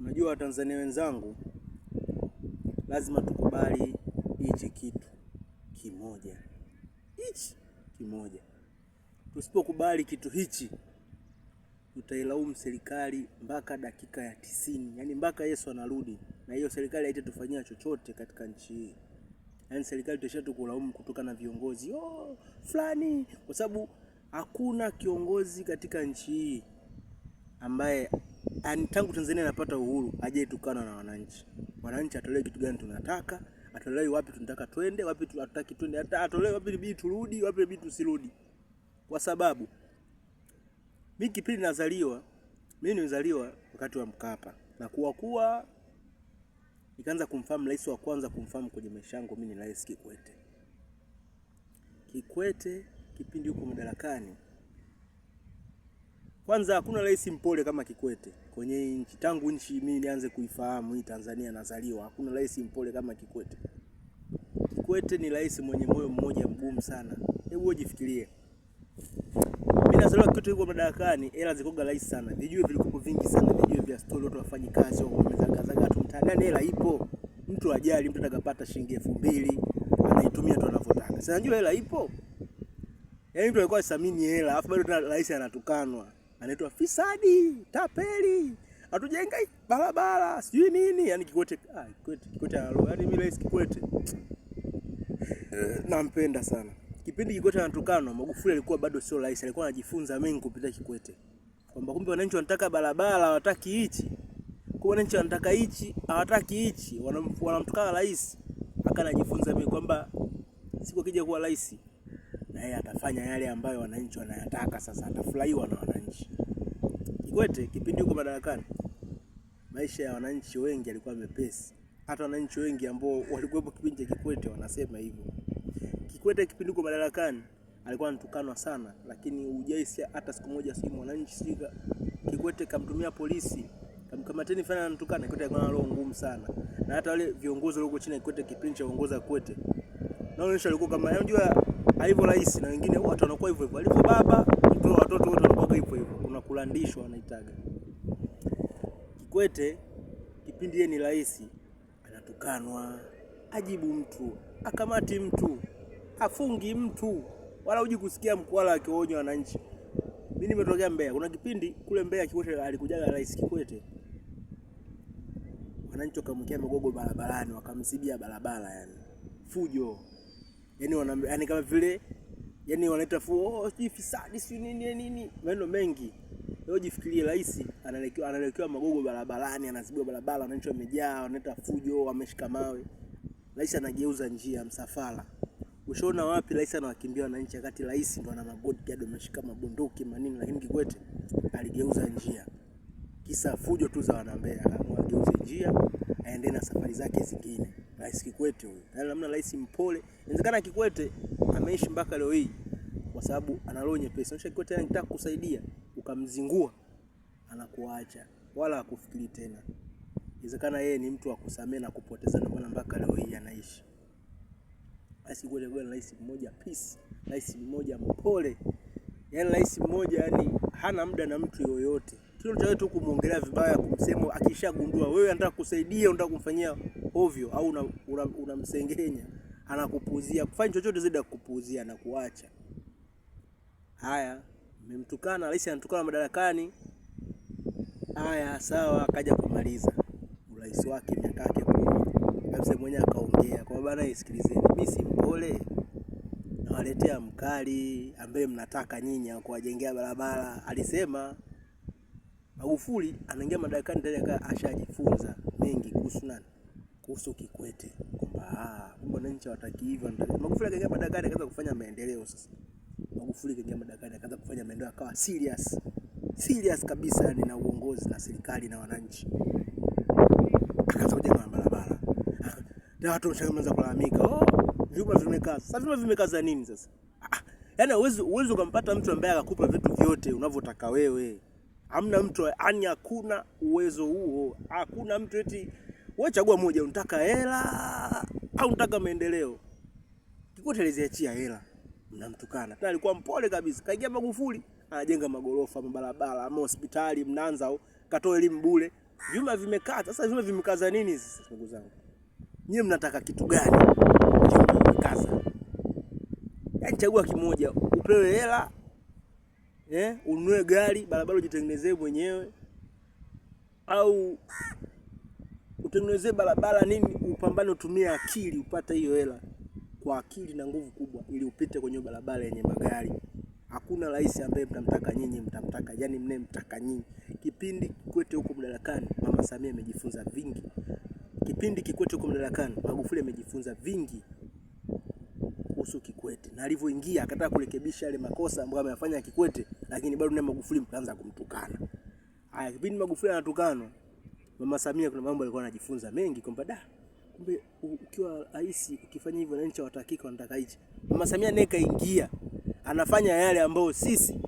Unajua Watanzania wenzangu, lazima tukubali hichi kitu kimoja, hichi kimoja. Tusipokubali kitu hichi, tutailaumu serikali mpaka dakika ya tisini, yaani mpaka Yesu anarudi, na hiyo serikali haitatufanyia chochote katika nchi hii. Yaani serikali tutasha tukulaumu kutoka na viongozi oh, fulani, kwa sababu hakuna kiongozi katika nchi hii ambaye Ani tangu Tanzania inapata uhuru tukana na wananchi. Wananchi atolee kitu gani tunataka? atolee wapi tunataka twende? Wapi tunataka twende? Hata atolewe wapi bibi turudi, wapi bibi tusirudi. Kwa sababu mimi kipindi nazaliwa, mimi nilizaliwa wakati wa Mkapa. Na kuwa kuwa nikaanza kumfahamu rais wa kwanza kumfahamu kwenye maisha yangu mimi ni Rais Kikwete. Kikwete kipindi huko madarakani kwanza hakuna rais mpole kama Kikwete kwenye nchi. Tangu nchi mimi nianze kuifahamu hii Tanzania nazaliwa, hakuna rais mpole kama Kikwete. Kikwete ni rais mwenye moyo mmoja mgumu sana. Hebu ujifikirie, mimi nazaliwa Kikwete yuko madarakani, hela zikoga rahisi sana, vijue vilikuwa vingi sana, vijue vya stori, watu wafanyi kazi au wamezagazaga tu mtaani, yaani hela ipo, mtu ajali, mtu atakapata shilingi elfu mbili anaitumia tu anavyotaka. Sasa najua hela ipo, yaani mtu alikuwa asamini hela, afu bado rais anatukanwa anaitwa fisadi, tapeli, atujenga barabara, sijui nini, yani Kikwete. Ah, Kikwete, Kikwete alo, yani mimi rais Kikwete eh, nampenda sana. Kipindi Kikwete anatukanwa, Magufuli alikuwa bado sio rais, alikuwa anajifunza mengi kupita Kikwete, kwamba kumbe wananchi wanataka barabara, hawataki hichi, kwa wananchi wanataka hichi, hawataki hichi, wanamtukana rais, akanajifunza mengi kwamba siku akija kuwa rais na yeye atafanya yale ambayo wananchi wanayataka. Sasa atafurahiwa na wananchi. Kikwete kipindi huko madarakani, maisha ya wananchi wengi yalikuwa mepesi. Hata wananchi wengi ambao walikuwepo kipindi cha Kikwete wanasema hivyo. Kikwete kipindi huko madarakani alikuwa anatukanwa sana, lakini ujaisi hata siku moja si mwananchi sika Kikwete kamtumia polisi kamkamateni fana anatukana Kikwete alikuwa na roho ngumu sana, na hata wale viongozi walioko chini ya Kikwete kipindi cha uongozi wa Kikwete na alikuwa kama yaani unajua alivyo rais na wengine watu wanakuwa hivyo hivyo, alivyo baba ndio watoto wote wanakuwa hivyo hivyo, kuna kulandishwa wanaitaga. Kikwete kipindi yeye ni rais anatukanwa, ajibu mtu, akamati mtu, afungi mtu, wala uji kusikia mkwala akiwaonya wananchi. Mimi nimetokea Mbeya, kuna kipindi kule Mbeya Kikwete alikujaga rais Kikwete wananchi wakamkia magogo barabarani, wakamsibia barabara, yani fujo yani wana yani kama vile yani wanaita fu oh, sijui fisadi si nini yaani nini, maneno mengi. Leo jifikirie, rais anaelekewa anaelekewa magogo barabarani, anazibua barabara, wananchi wamejaa, wanaita fujo, wameshika mawe. Rais anageuza njia msafara. Ushaona wapi rais anawakimbia wananchi, wakati rais ndo ana mabodyguard ameshika mabunduki manini, lakini Kikwete aligeuza njia, kisa fujo tu za wanambea, akaamua njia aende na safari zake zingine. Rais Kikwete huyo, yaani namna rais mpole. Inawezekana Kikwete ameishi mpaka leo hii kwa sababu ana roho nyepesi. Unaona Kikwete anataka kusaidia, ukamzingua anakuacha wala hakufikiri tena. Inawezekana yeye ni mtu wa kusamehe na kupoteza, ndio maana mpaka leo hii anaishi. Rais Kikwete kwa rais mmoja peace, rais mmoja mpole, yaani rais mmoja yani hana muda na mtu yoyote. Sio mtu tu kumwongelea vibaya, kumsema akishagundua wewe anataka kusaidia, unataka kumfanyia ovyo au unamsengenya, una, una anakupuuzia, kufanya chochote zaidi ya kukupuuzia na kuacha. Haya, mmemtukana, rais anatukana madarakani. Haya, sawa, akaja kumaliza urais wake miaka yake kabisa, mwenyewe akaongea kwa bana, isikilizeni, mimi si mpole nawaletea mkali ambaye mnataka nyinyi kuwajengea barabara, alisema. Magufuli anaingia madarakani ndani akawa ashajifunza mengi kuhusu nani? Kuhusu Kikwete. Kwamba ah, kumbe wananchi hawataki hivyo Magufuli akaingia madarakani akaanza kufanya maendeleo sasa. Magufuli akaingia madarakani akaanza kufanya maendeleo akawa serious. Serious kabisa yani na uongozi na serikali na wananchi. Akaanza kujenga barabara. Na watu washaanza kulalamika, "Oh, vyuma vimekaza." Sasa vyuma vimekaza nini sasa? Ah, ah. Yaani uwezo uwezo ukampata mtu ambaye akakupa vitu vyote unavyotaka wewe. Hamna mtu yani, hakuna uwezo huo. Hakuna mtu eti wewe chagua moja, unataka hela au unataka maendeleo. Kikwete aliziachia hela, mnamtukana tena. Alikuwa mpole kabisa, kaingia Magufuli anajenga magorofa, mabarabara, ama hospitali Mnanza, au katoa elimu bure. Vyuma vimekaa sasa, vyuma vimekaza nini sasa? Ndugu zangu, nyie mnataka kitu gani? Vyuma vimekaza, yaani chagua kimoja, upewe hela eh, ununue gari, barabara ujitengenezee mwenyewe, au utengenezee barabara nini, upambane, utumie akili upate hiyo hela kwa akili na nguvu kubwa, ili upite kwenye barabara yenye magari. Hakuna rais ambaye mtamtaka nyinyi, mtamtaka yani mnayemtaka nyinyi. Kipindi Kikwete huko madarakani, mama Samia amejifunza vingi. Kipindi Kikwete huko madarakani, Magufuli amejifunza vingi kuhusu Kikwete, na alivyoingia akataka kurekebisha yale makosa ambayo ameyafanya Kikwete lakini bado na Magufuli mkaanza kumtukana. Haya, kipindi Magufuli anatukana Mama Samia kuna mambo alikuwa anajifunza mengi kwamba da, kumbe ukiwa rais ukifanya hivyo wananchi hawatakiki, wanataka hichi. Mama Samia naye kaingia, anafanya yale ambayo sisi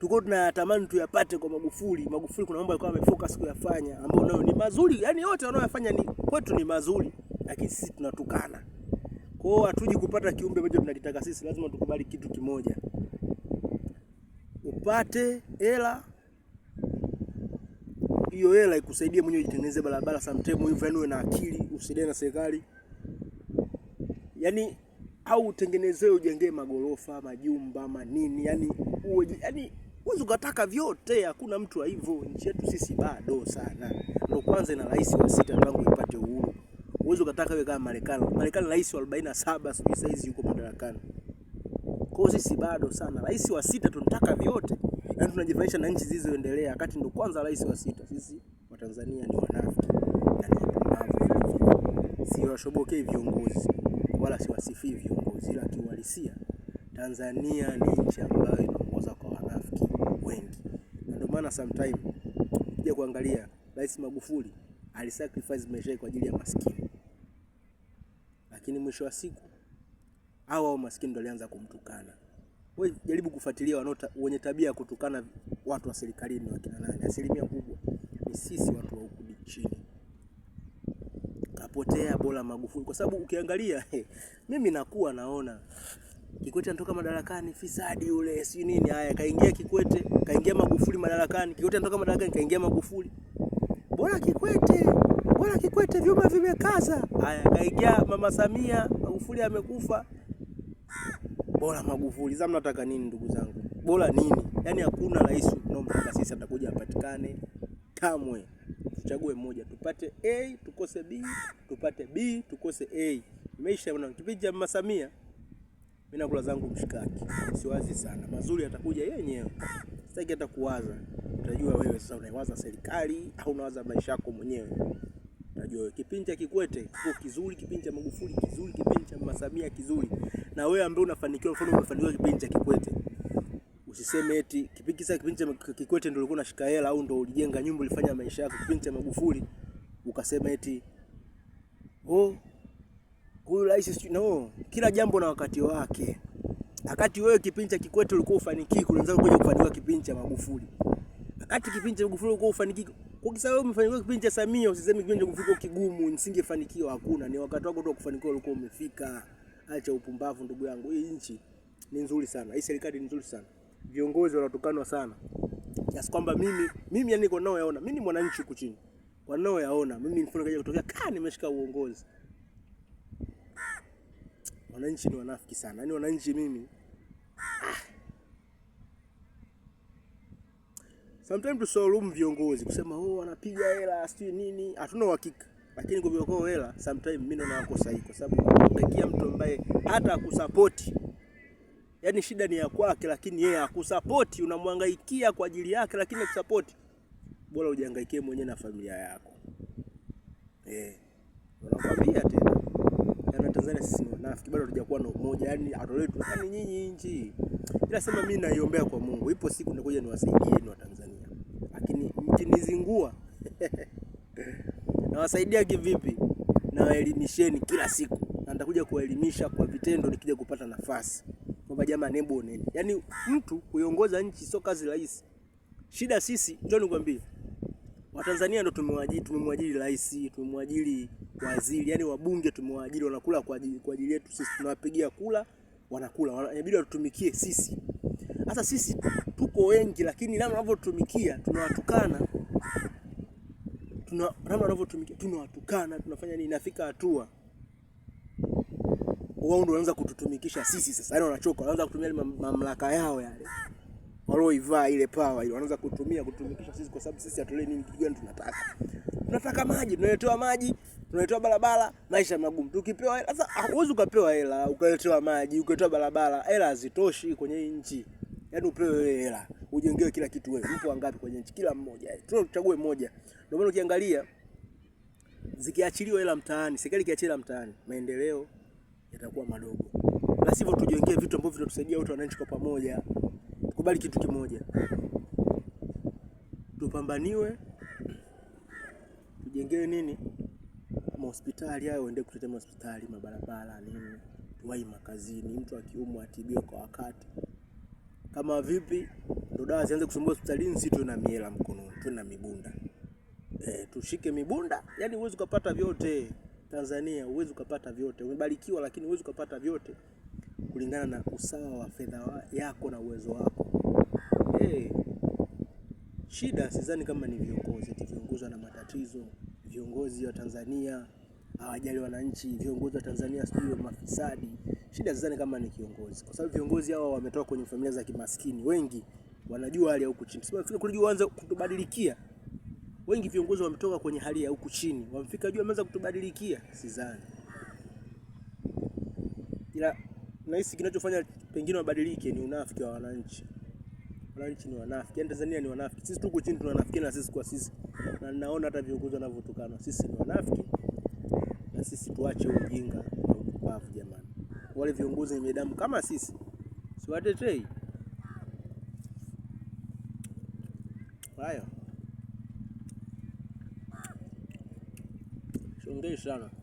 tuko tunatamani tuyapate kwa Magufuli. Magufuli kuna mambo alikuwa amefocus kuyafanya ambayo nayo ni mazuri, yani yote wanayofanya ni kwetu ni mazuri, lakini sisi tunatukana. Kwa hiyo hatuji kupata kiumbe ambacho tunakitaka sisi, lazima tukubali kitu kimoja upate hela, hiyo hela ikusaidie mwenyewe ujitengeneze barabara sometime hivyo, yani uwe na akili, usidai na serikali yani, au utengenezee ujengee magorofa, majumba, manini, yani uwe yani huwezi ukataka vyote, hakuna mtu wa hivyo. Nchi yetu sisi bado sana, ndio kwanza na rais wa sita tangu ipate uhuru. Huwezi ukataka wewe kama Marekani. Marekani rais wa 47 sijui saizi yuko madarakani. Kwa hiyo sisi bado sana, rais wa sita tunataka vyote, yaani tunajifanisha na nchi zilizoendelea, wakati ndo kwanza rais wa sita. Sisi Watanzania ni wanafiki na Siwashobokei viongozi wala siwasifii viongozi, ila kiuhalisia Tanzania ni nchi ambayo inaongoza kwa wanafiki wengi, na ndio maana sometime kuja kuangalia Rais Magufuli alisacrifice maisha kwa ajili ya maskini, lakini mwisho wa siku au au maskini ndio alianza kumtukana. Wewe jaribu kufuatilia wanaota wenye tabia ya kutukana watu wa serikalini wakina nani? Asilimia kubwa ni sisi watu wa huku chini. Kapotea bora Magufuli, kwa sababu ukiangalia he, mimi nakuwa naona Kikwete anatoka madarakani, fisadi yule, si nini. Haya, kaingia Kikwete, kaingia Magufuli madarakani. Kikwete anatoka madarakani, kaingia Magufuli. Bora Kikwete, bora Kikwete, vyuma vimekaza. Haya, kaingia mama Samia, Magufuli amekufa. Bora Magufuli. Sasa mnataka nini ndugu zangu? Bora nini? Yaani hakuna rais tunaomtaka sisi atakuja apatikane kamwe. Tuchague mmoja, tupate A, tukose B, tupate B, tukose A. Imeisha bwana. Kipindi cha Mama Samia mimi nakula zangu mshikaki. Siwazi sana. Mazuri atakuja yenyewe. Sitaki hata kuwaza. Utajua wewe sasa unawaza serikali au unawaza maisha yako mwenyewe. Utajua kipindi cha Kikwete kizuri, kipindi cha Magufuli kizuri, kipindi cha Mama Samia kizuri na wewe ambaye unafanikiwa, mfano umefanikiwa kipindi cha Kikwete, usiseme eti kipindi cha kipindi cha Kikwete ndio ulikuwa unashika hela au ndio ulijenga nyumba ulifanya maisha yako. Kipindi cha Magufuli ukasema eti oh, huyu rais no. Kila jambo na wakati wake. Wakati wewe kipindi cha Kikwete ulikuwa ufanikiwi, kuanza kuja kufanikiwa kipindi cha Magufuli. Wakati kipindi cha Magufuli ulikuwa ufanikiwi kwa kisa wewe umefanikiwa kipindi cha Samia, usiseme kipindi cha Magufuli kigumu, nisingefanikiwa. Hakuna, ni wakati wako tu wa kufanikiwa, ulikuwa umefika acha upumbavu ndugu yangu. Hii nchi ni nzuri sana, hii serikali ni nzuri sana, viongozi wanatukanwa sana kiasi kwamba mimi mimi yani kwa nao yaona, mimi ni mwananchi huku chini, kwa nao yaona mimi mfano kaja kutokea ka nimeshika uongozi. Wananchi ni wanafiki sana, yani wananchi mimi ah. sometimes tusaurumu viongozi kusema oh, wanapiga hela sijui nini, hatuna uhakika lakini kwa kuviokoa hela sometimes mimi naona wako sahihi, kwa sababu unatakia mtu ambaye hata akusapoti, yani shida ni ya kwake, lakini yeye akusapoti, unamwangaikia kwa ajili yake, lakini akusapoti. Bora ujihangaikie mwenyewe na familia yako eh. Unakwambia tena yaani na Tanzania sisi ni wanafiki, bado hatujakuwa na umoja, yani atoletu tunafani nyinyi nchi. Ila sema mimi naiombea kwa Mungu, ipo siku nitakuja niwasaidie ni wa Tanzania, lakini mtinizingua Nawasaidia kivipi? Nawaelimisheni kila siku, na nitakuja kuwaelimisha kwa vitendo nikija kupata nafasi kwamba jamani, hebu oneni. Yaani mtu kuiongoza nchi sio kazi rahisi. Shida sisi, njoo nikwambie, Watanzania ndo tumewaajiri, tumemwajiri rais, tumemwajiri waziri, yani wabunge tumewaajiri, wanakula kwa ajili kwa ajili yetu sisi, tunawapigia kula, wanakula, inabidi watutumikie sisi. Sasa sisi tuko wengi, lakini namna wanavyotumikia tunawatukana tuna namna wanavyotumikia, tunawatukana, tunafanya nini, inafika hatua wao ndio wanaanza kututumikisha sisi. Sasa yani wanachoka, wanaanza kutumia mamlaka yao yale walioivaa ile power ile, wanaanza kutumia kutumikisha sisi, kwa sababu sisi hatulei nini, kitu gani tunataka. Tunataka maji, tunaletewa maji, tunaletewa barabara, maisha magumu. Tukipewa hela sasa, huwezi ukapewa hela ukaletewa maji ukaletewa barabara, hela hazitoshi kwenye nchi. Yaani upewe wewe hela, ujengewe kila kitu wewe. Mpo wangapi kwenye nchi? Kila mmoja. Tunao tuchague mmoja. Ndio maana ukiangalia zikiachiliwa hela mtaani, serikali ikiachilia mtaani, maendeleo yatakuwa madogo. Na sivyo tujengee vitu ambavyo vitatusaidia watu wananchi kwa pamoja. Kubali kitu kimoja. Tupambaniwe. Tujengewe nini? Mahospitali hayo endee kutetea mahospitali, mabarabara nini. Tuwai makazini, mtu akiumwa atibiwe kwa wakati kama vipi, ndo dawa zianze kusumbua hospitalini. Sisi tuna miela mkononi, tuna mibunda e, tushike mibunda. Yani uwezi ukapata vyote Tanzania, uwezi ukapata vyote. Umebarikiwa, lakini uwezi ukapata vyote kulingana na usawa wa fedha yako na uwezo wako e. Shida sidhani kama ni viongozi, eti viongozi wana matatizo. Viongozi wa Tanzania hawajali wananchi. Viongozi wa Tanzania sijui mafisadi Shida zizani kama ni kiongozi, kwa sababu viongozi hao wametoka kwenye familia za kimaskini, wengi wanajua hali ya huku chini. Sasa fikiri kulijua anza kutubadilikia. Wengi viongozi wametoka kwenye hali ya huku chini, wamfika jua ameanza kutubadilikia, sizani. Ila nahisi kinachofanya pengine wabadilike ni unafiki wa wananchi. Wananchi ni wanafiki, yaani Tanzania ni wanafiki. Sisi tuko chini na sisi kwa sisi, na ninaona hata viongozi wanavyotukana. Sisi ni wanafiki, na sisi tuache ujinga na upumbavu jamani wale viongozi wenye damu kama sisi, siwatetei haya, shongei sana.